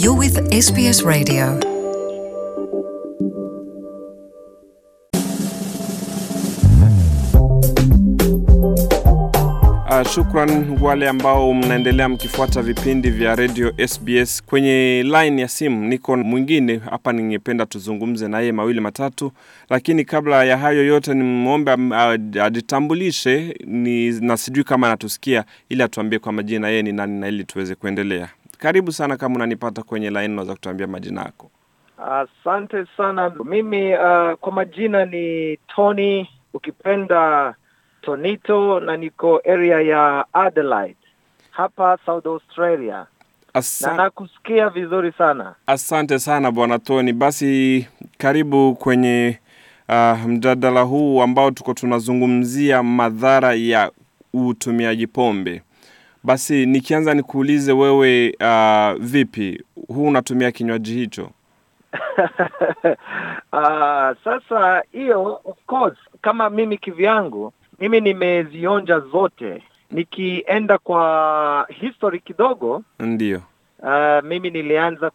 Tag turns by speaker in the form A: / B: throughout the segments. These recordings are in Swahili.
A: You're with SBS Radio.
B: Uh, shukran wale ambao mnaendelea mkifuata vipindi vya Radio SBS. Kwenye line ya simu niko mwingine hapa, ningependa tuzungumze naye mawili matatu, lakini kabla ya hayo yote ni nimwombe ajitambulishe, ni na sijui kama anatusikia, ili atuambie kwa majina yeye ni nani na ili tuweze kuendelea. Karibu sana, kama unanipata kwenye laini unaweza kutuambia majina yako.
C: Asante uh, sana. Mimi uh, kwa majina ni Tony, ukipenda Tonito, na niko area ya Adelaide hapa South Australia. Asa... Na nakusikia vizuri sana.
B: Asante sana bwana Tony. Basi karibu kwenye uh, mjadala huu ambao tuko tunazungumzia madhara ya utumiaji pombe. Basi nikianza nikuulize wewe, uh, vipi huu unatumia kinywaji hicho? Uh,
C: sasa hiyo of course, kama mimi kivyangu, mimi nimezionja zote. Nikienda kwa history kidogo, ndio uh, mimi nilianza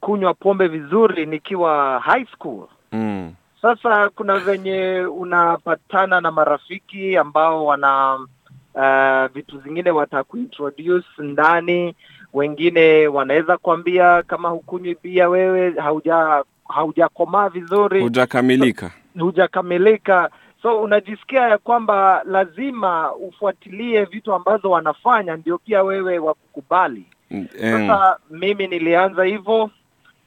C: kunywa pombe vizuri nikiwa high school mm. Sasa kuna venye unapatana na marafiki ambao wana uh, vitu zingine watakuintroduce ndani. Wengine wanaweza kuambia kama hukunywi bia wewe hauja haujakomaa vizuri,
B: hujakamilika,
C: hujakamilika so unajisikia ya kwamba lazima ufuatilie vitu ambazo wanafanya ndio pia wewe wakukubali.
B: Mm. Sasa
C: eh. mimi nilianza hivyo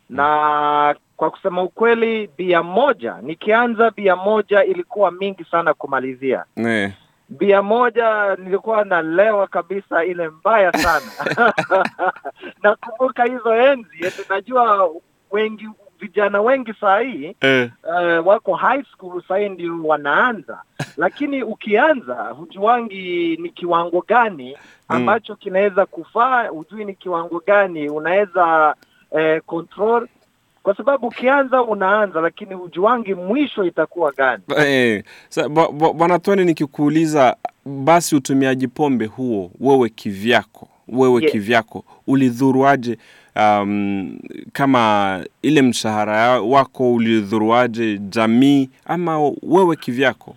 C: na kwa kusema ukweli, bia moja nikianza bia moja ilikuwa mingi sana kumalizia. Mm bia moja nilikuwa nalewa kabisa, ile mbaya sana nakumbuka hizo enzi eti, najua wengi vijana wengi saa hii eh, uh, wako high school sahii ndio wanaanza, lakini ukianza hujuangi ni kiwango gani hmm. ambacho mm, kinaweza kufaa, hujui ni kiwango gani unaweza eh, control kwa sababu ukianza unaanza, lakini ujuangi
B: mwisho itakuwa gani. Eh, eh. bwana Tony, nikikuuliza basi utumiaji pombe huo wewe kivyako wewe yes. kivyako ulidhuruaje um, kama ile mshahara wako ulidhuruaje jamii ama wewe kivyako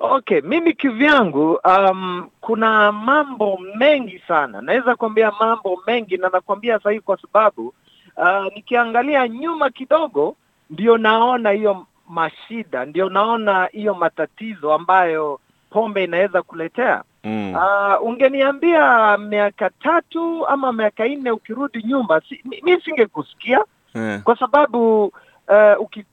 C: okay mimi kivyangu um, kuna mambo mengi sana naweza kuambia mambo mengi na nakwambia sahihi kwa sababu uh, nikiangalia nyuma kidogo ndio naona hiyo mashida, ndio naona hiyo matatizo ambayo pombe inaweza kuletea.
A: Mm. Uh,
C: ungeniambia miaka tatu ama miaka nne ukirudi nyumba si, mi singekusikia yeah. Kwa sababu uh, uki,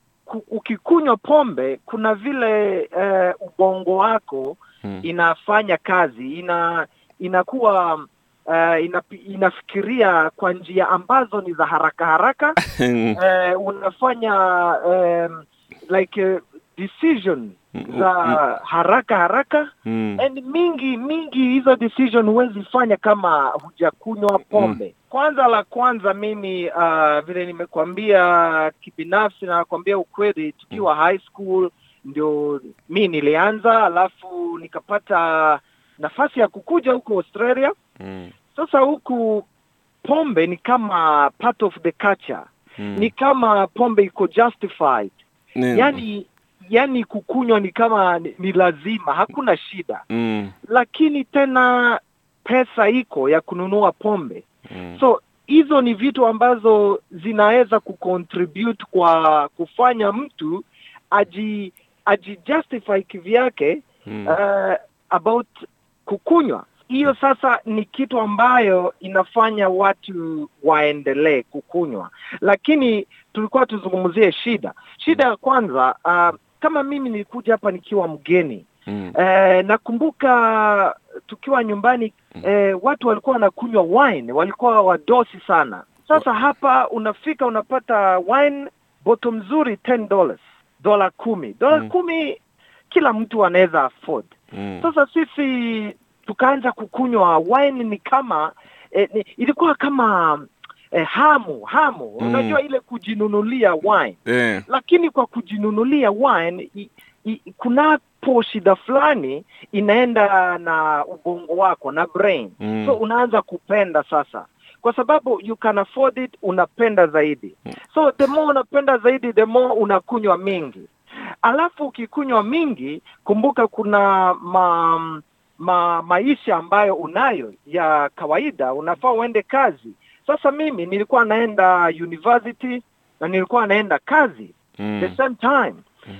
C: ukikunywa pombe kuna vile uh, ubongo wako mm. inafanya kazi ina inakuwa Uh, eh, inapi, inafikiria kwa njia ambazo ni za haraka haraka. uh, unafanya um, like uh, decision za mm, mm. haraka haraka mm. And mingi mingi hizo decision huwezi fanya kama hujakunywa mm. pombe mm. Kwanza la kwanza mimi uh, vile nimekuambia kibinafsi na nakwambia ukweli, tukiwa high school ndio mi nilianza, alafu nikapata nafasi ya kukuja huko Australia mm. Sasa huku pombe ni kama part of the culture mm. ni kama pombe iko justified
A: mm. yani
C: yani kukunywa ni kama ni lazima, hakuna shida mm. lakini tena pesa iko ya kununua pombe mm. so hizo ni vitu ambazo zinaweza kucontribute kwa kufanya mtu aji justify kivyake mm. uh, about kukunywa hiyo sasa ni kitu ambayo inafanya watu waendelee kukunywa, lakini tulikuwa tuzungumzie shida. Shida ya kwanza, uh, kama mimi nilikuja hapa nikiwa mgeni mm. Eh, nakumbuka tukiwa nyumbani mm. eh, watu walikuwa wanakunywa wine, walikuwa wadosi sana. Sasa hapa unafika unapata wine boto mzuri dollars, dola kumi, dola mm. kumi, kila mtu anaweza afford. Mm. Sasa sisi tukaanza kukunywa wine, ni kama eh, ni, ilikuwa kama eh, hamu hamu mm. Unajua ile kujinunulia wine yeah. Lakini kwa kujinunulia wine i, i, kunapo shida fulani inaenda na ubongo wako na brain mm. So unaanza kupenda sasa kwa sababu you can afford it, unapenda zaidi. Mm. So the more unapenda zaidi, the more unakunywa mingi. Alafu ukikunywa mingi, kumbuka kuna ma, ma, maisha ambayo unayo ya kawaida, unafaa uende kazi. Sasa mimi nilikuwa naenda university na nilikuwa naenda kazi mm. the same time mm.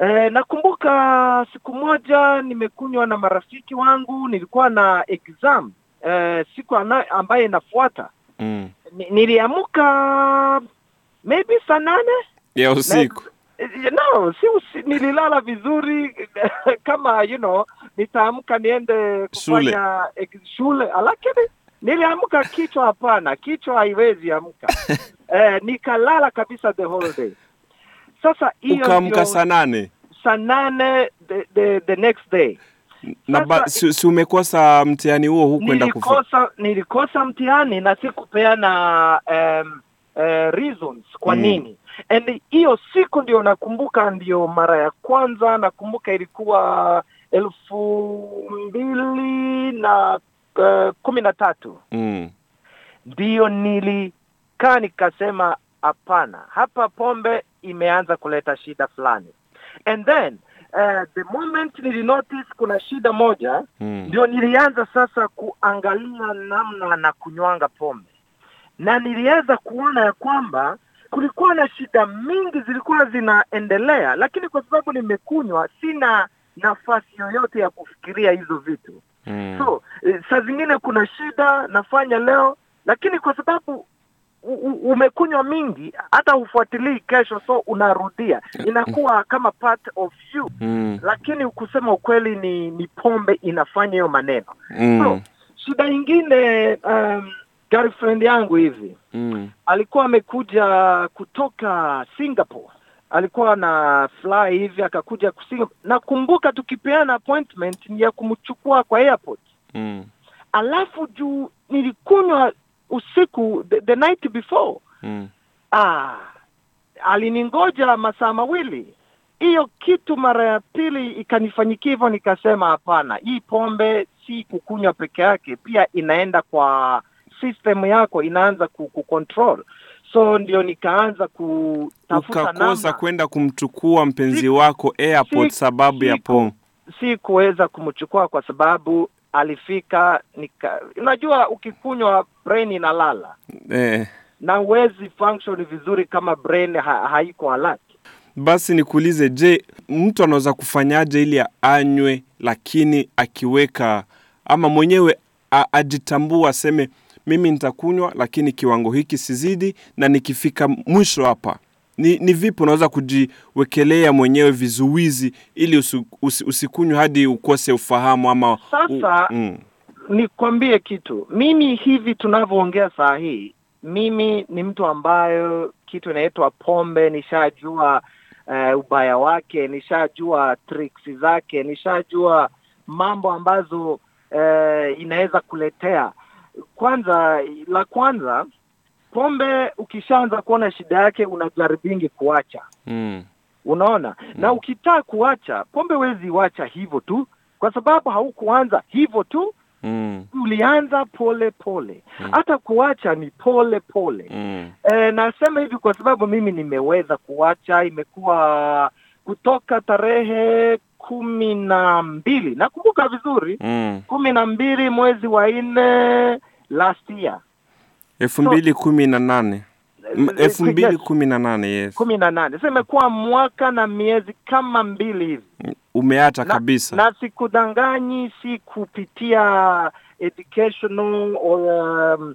C: E, nakumbuka siku moja nimekunywa na marafiki wangu, nilikuwa na exam e, siku ambayo inafuata mm. Niliamka maybe saa nane ya usiku Eh, no, si usi, nililala vizuri kama you know nitaamka niende kufanya shule, shule ah, lakini niliamka kichwa hapana kichwa haiwezi amka eh, nikalala kabisa the whole day sasa hiyo ukaamka saa nane saa nane the, the, the next day
B: na si, umekosa mtihani huo hukwenda nilikosa,
C: nilikosa mtihani na sikupeana um, uh, reasons kwa mm. nini and hiyo siku ndio nakumbuka, ndio mara ya kwanza nakumbuka ilikuwa elfu mbili na uh, kumi na tatu mm. ndiyo mm. nilikaa nikasema, hapana, hapa pombe imeanza kuleta shida fulani, and then uh, the moment nilinotice kuna shida moja
A: mm. ndio mm. nilianza
C: sasa kuangalia namna na kunywanga pombe na niliweza kuona ya kwamba kulikuwa na shida mingi zilikuwa zinaendelea, lakini kwa sababu nimekunywa, sina nafasi yoyote ya kufikiria hizo vitu mm. So eh, saa zingine kuna shida nafanya leo, lakini kwa sababu umekunywa mingi, hata hufuatilii kesho, so unarudia, inakuwa kama part of you mm. Lakini kusema ukweli ni ni pombe inafanya hiyo maneno mm. So shida ingine um, girlfriend yangu hivi mm. alikuwa amekuja kutoka Singapore, alikuwa na fly hivi akakuja Nakumbuka tukipeana appointment ya kumchukua kwa airport mm. alafu juu nilikunywa usiku the, the night before mm. ah, aliningoja masaa mawili. Hiyo kitu mara ya pili ikanifanyikia hivyo, nikasema hapana, hii pombe si kukunywa peke yake, pia inaenda kwa system yako inaanza kucontrol so ndio nikaanza kutafuta ukakosa
B: kwenda kumchukua mpenzi si, wako airport si, sababu si, ya po
C: si kuweza kumchukua kwa sababu alifika nika unajua ukikunywa brain inalala eh. na huwezi function vizuri kama brain ha, haiko alert
B: basi nikuulize je mtu anaweza kufanyaje ili anywe lakini akiweka ama mwenyewe ajitambua aseme mimi nitakunywa, lakini kiwango hiki sizidi, na nikifika mwisho hapa ni, ni vipi unaweza kujiwekelea mwenyewe vizuizi ili usi, usi, usikunywe hadi ukose ufahamu ama sasa u, mm.
C: Nikwambie kitu mimi, hivi tunavyoongea saa hii, mimi ni mtu ambayo kitu inaitwa pombe nishajua, uh, ubaya wake nishajua, tricks zake nishajua, mambo ambazo uh, inaweza kuletea kwanza, la kwanza pombe ukishaanza kuona shida yake una jaribingi kuacha mm. Unaona mm. Na ukitaa kuacha pombe wezi wacha hivyo tu, kwa sababu haukuanza hivyo tu mm. Ulianza pole pole mm. Hata kuacha ni pole pole mm. E, nasema hivi kwa sababu mimi nimeweza kuacha, imekuwa kutoka tarehe kumi na mbili nakumbuka vizuri mm. kumi na mbili mwezi wa nne last year
B: elfu mbili kumi na nane eh, elfu mbili kumi na nane yes.
C: kumi na nane so imekuwa mwaka na miezi kama mbili hivi
B: umeata kabisa
C: na, na sikudanganyi si kupitia educational or um,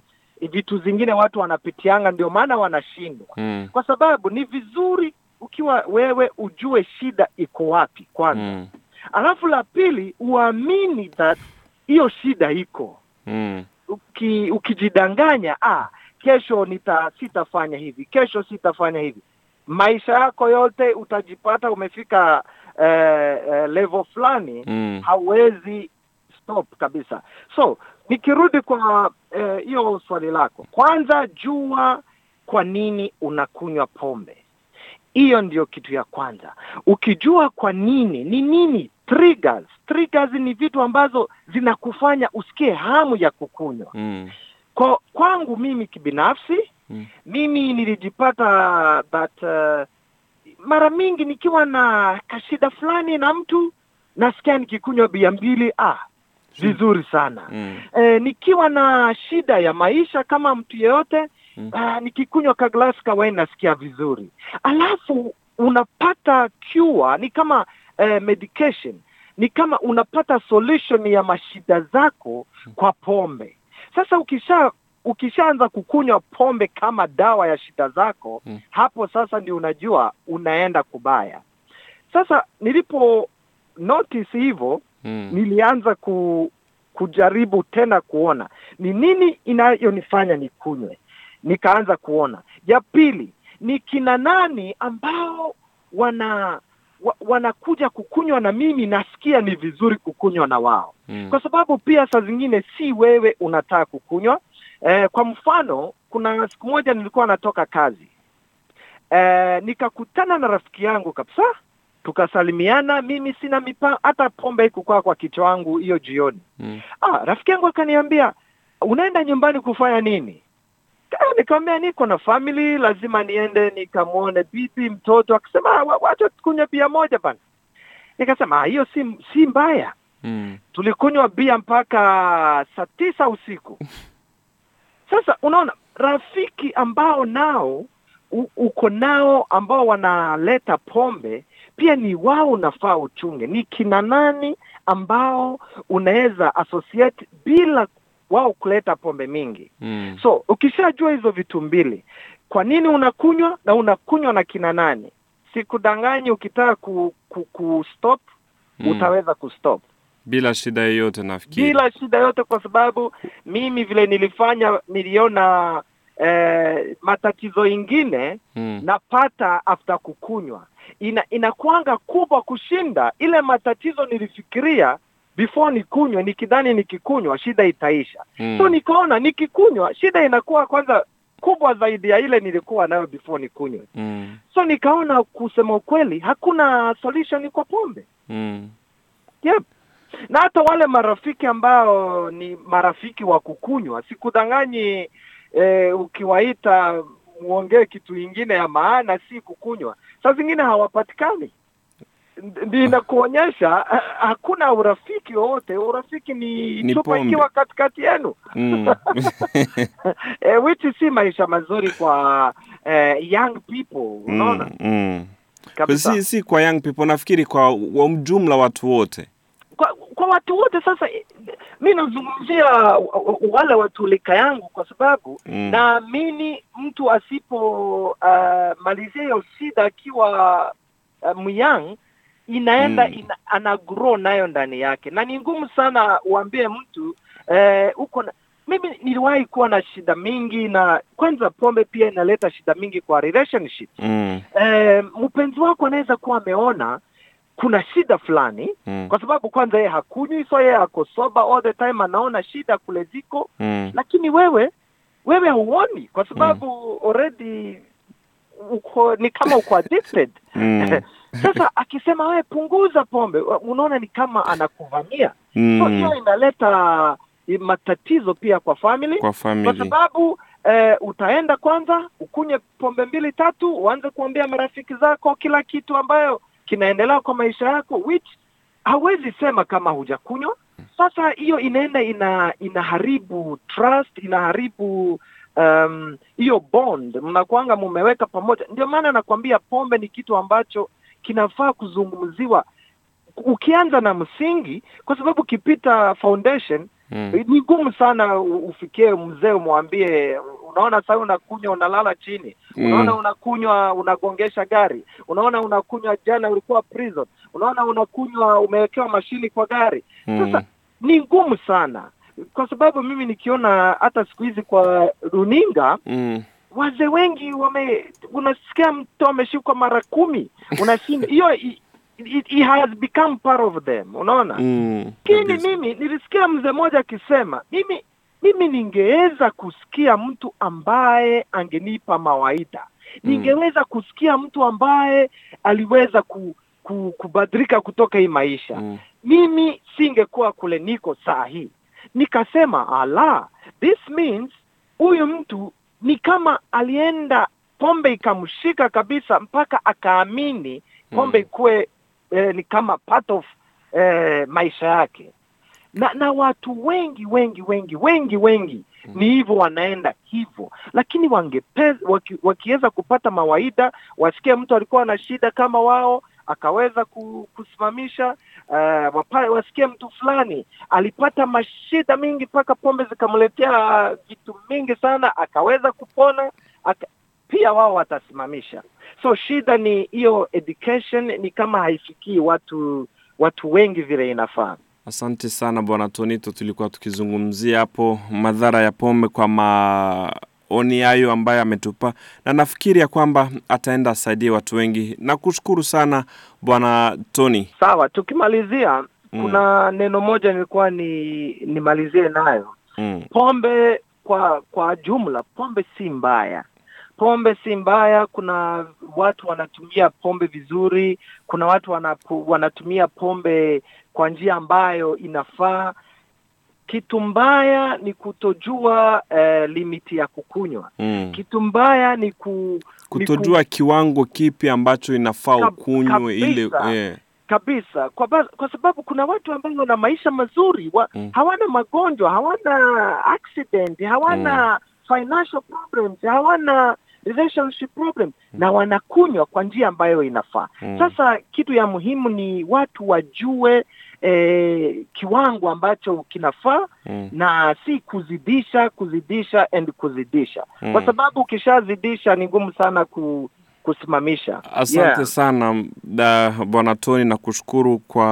C: vitu zingine watu wanapitianga ndio maana wanashindwa mm. kwa sababu ni vizuri inatakiwa wewe ujue shida iko wapi kwanza, mm. Alafu la pili uamini that hiyo shida iko mm. Uki, ukijidanganya ah, kesho nita sitafanya hivi, kesho sitafanya hivi, maisha yako yote utajipata umefika uh, uh, level fulani mm. hauwezi stop kabisa. So nikirudi kwa eh, hiyo uh, swali lako, kwanza jua kwa nini unakunywa pombe hiyo ndiyo kitu ya kwanza. Ukijua kwa nini ni nini triggers, triggers ni vitu ambazo zinakufanya usikie hamu ya kukunywa mm. Kwa kwangu mimi kibinafsi mm. mimi nilijipata that uh, mara mingi nikiwa na kashida fulani na mtu nasikia nikikunywa bia mbili ah, vizuri sana mm. E, nikiwa na shida ya maisha kama mtu yeyote mm. Uh, nikikunywa kaglasi kawaii nasikia vizuri, alafu unapata cure, ni kama uh, medication ni kama unapata solution ya mashida zako kwa pombe. Sasa ukisha ukishaanza kukunywa pombe kama dawa ya shida zako mm. hapo sasa ndio unajua unaenda kubaya. Sasa nilipo notice hivyo mm. nilianza ku, kujaribu tena kuona ni nini inayonifanya nikunywe nikaanza kuona. Ya pili ni kina nani ambao wana wa, wanakuja kukunywa na mimi, nasikia ni vizuri kukunywa na wao mm. Kwa sababu pia saa zingine si wewe unataka kukunywa eh. Kwa mfano kuna siku moja nilikuwa natoka kazi eh, nikakutana na rafiki yangu kabisa, tukasalimiana. Mimi sina mipa hata pombe kukaa kwa kichwa wangu hiyo jioni mm. Ah, rafiki yangu akaniambia unaenda nyumbani kufanya nini? nikamwambia niko na family, lazima niende nikamwone bibi mtoto. Akasema wacha kunywa bia moja bana. Nikasema ah, hiyo si, si mbaya mm. Tulikunywa bia mpaka saa tisa usiku. Sasa unaona rafiki ambao nao u, uko nao ambao wanaleta pombe pia ni wao unafaa uchunge, ni kina nani ambao unaweza associate bila wao kuleta pombe mingi mm. So ukishajua hizo vitu mbili, kwa nini unakunywa na unakunywa na kina nani? Sikudanganyi, ukitaka ku, ku, ku stop mm. utaweza kustop
B: bila shida yoyote, nafikiri
C: bila shida yote kwa sababu mimi vile nilifanya niliona eh, matatizo ingine mm. napata afta kukunywa ina- inakuanga kubwa kushinda ile matatizo nilifikiria before nikunywe nikidhani nikikunywa shida itaisha mm. so nikaona nikikunywa shida inakuwa kwanza kubwa zaidi ya ile nilikuwa nayo before nikunywe mm. so nikaona kusema ukweli hakuna solution kwa pombe mm. yep na hata wale marafiki ambao ni marafiki wa kukunywa sikudanganyi eh, ukiwaita muongee kitu ingine ya maana si kukunywa saa zingine hawapatikani ndio hakuna urafiki wowote. Urafiki ni, ni chupa ikiwa katikati yenu mm. Eh, which si maisha mazuri kwa eh, young people unaona mm, mm. Si,
B: si kwa young people, nafikiri kwa wa watu wote
C: kwa, kwa watu wote. Sasa eh, mi nazungumzia wale watulika yangu kwa sababu mm. naamini mtu asipo uh, malizia hiyo shida akiwa uh, myang inaenda mm. ina, ana grow nayo ndani yake, na ni ngumu sana uambie mtu eh, uko na mimi niliwahi kuwa na shida mingi, na kwanza pombe pia inaleta shida mingi kwa relationship mm. Eh, mpenzi wako anaweza kuwa ameona kuna shida fulani mm. kwa sababu kwanza yeye hakunywi, so yeye ako all the time, anaona shida kule ziko mm. lakini wewe wewe huoni kwa sababu mm. already uko ni kama uko addicted mm. Sasa akisema wewe punguza pombe, unaona ni kama anakuvamia
A: mm. So hiyo
C: inaleta matatizo pia kwa family, kwa family. Kwa sababu eh, utaenda kwanza ukunywe pombe mbili tatu, uanze kuambia marafiki zako kila kitu ambayo kinaendelea kwa maisha yako which hawezi sema kama hujakunywa. Sasa hiyo inaenda ina inaharibu trust, inaharibu um, hiyo um, bond mnakuanga mumeweka pamoja. Ndio maana nakwambia pombe ni kitu ambacho kinafaa kuzungumziwa ukianza na msingi, kwa sababu ukipita foundation mm. ni ngumu sana ufikie mzee umwambie, unaona sa unakunywa unalala chini mm. unaona unakunywa unagongesha gari, unaona unakunywa jana ulikuwa prison, unaona unakunywa umewekewa mashini kwa gari mm. Sasa ni ngumu sana, kwa sababu mimi nikiona hata siku hizi kwa runinga mm wazee wengi wame, unasikia mtu ameshikwa mara kumi, unashinda hiyo It, has become part of them, unaona mm, lakini mm, mimi nilisikia mzee mmoja akisema mimi mimi ningeweza kusikia mtu ambaye angenipa mawaida mm. Ningeweza kusikia mtu ambaye aliweza ku, ku, kubadilika kutoka hii maisha mm. Mimi singekuwa kule niko saa hii. Nikasema ala, this means huyu mtu ni kama alienda pombe ikamshika kabisa mpaka akaamini pombe hmm. ikuwe eh, ni kama part of eh, maisha yake na na watu wengi wengi wengi wengi wengi mm. ni hivyo wanaenda hivyo, lakini wangepe, waki, wakiweza kupata mawaida, wasikie mtu alikuwa na shida kama wao, akaweza kusimamisha uh, wasikie mtu fulani alipata mashida mingi, mpaka pombe zikamletea ah, vitu mingi sana, akaweza kupona aka, pia wao watasimamisha. So shida ni hiyo, education ni kama haifikii watu watu wengi vile inafaa.
B: Asante sana Bwana Tonito, tulikuwa tukizungumzia hapo madhara ya pombe kwa ma hayo ambayo ametupa, na nafikiri ya kwamba ataenda asaidie watu wengi. na kushukuru sana bwana Tony.
C: Sawa, tukimalizia mm. kuna neno moja nilikuwa ni nimalizie nayo mm. pombe kwa kwa jumla, pombe si mbaya pombe si mbaya. Kuna watu wanatumia pombe vizuri, kuna watu wanapu, wanatumia pombe kwa njia ambayo inafaa. Kitu mbaya ni kutojua eh, limiti ya kukunywa mm. Kitu mbaya ni ku, kutojua ni
B: ku... kiwango kipi ambacho inafaa ukunywe ile yeah.
C: Kabisa kwa, ba... kwa sababu kuna watu ambao wana maisha mazuri wa... mm. hawana magonjwa, hawana accident, hawana mm. financial problems, hawana relationship problem mm. na wanakunywa kwa njia ambayo inafaa mm. Sasa kitu ya muhimu ni watu wajue e, kiwango ambacho kinafaa mm. na si kuzidisha kuzidisha and kuzidisha mm. kwa sababu ukishazidisha ni ngumu sana ku kusimamisha. Asante yeah.
B: sana Bwana Tony, na kushukuru kwa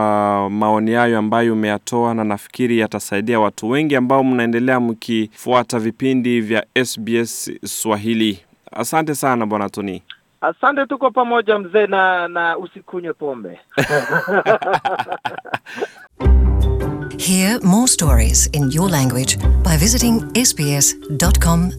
B: maoni hayo ambayo umeyatoa, na nafikiri yatasaidia watu wengi ambao mnaendelea mkifuata vipindi vya SBS Swahili. Asante sana Bwana toni
C: Asante, tuko pamoja mzee, na na usikunywe pombe.
B: Hear more stories in your
A: language by visiting sbs.com.au.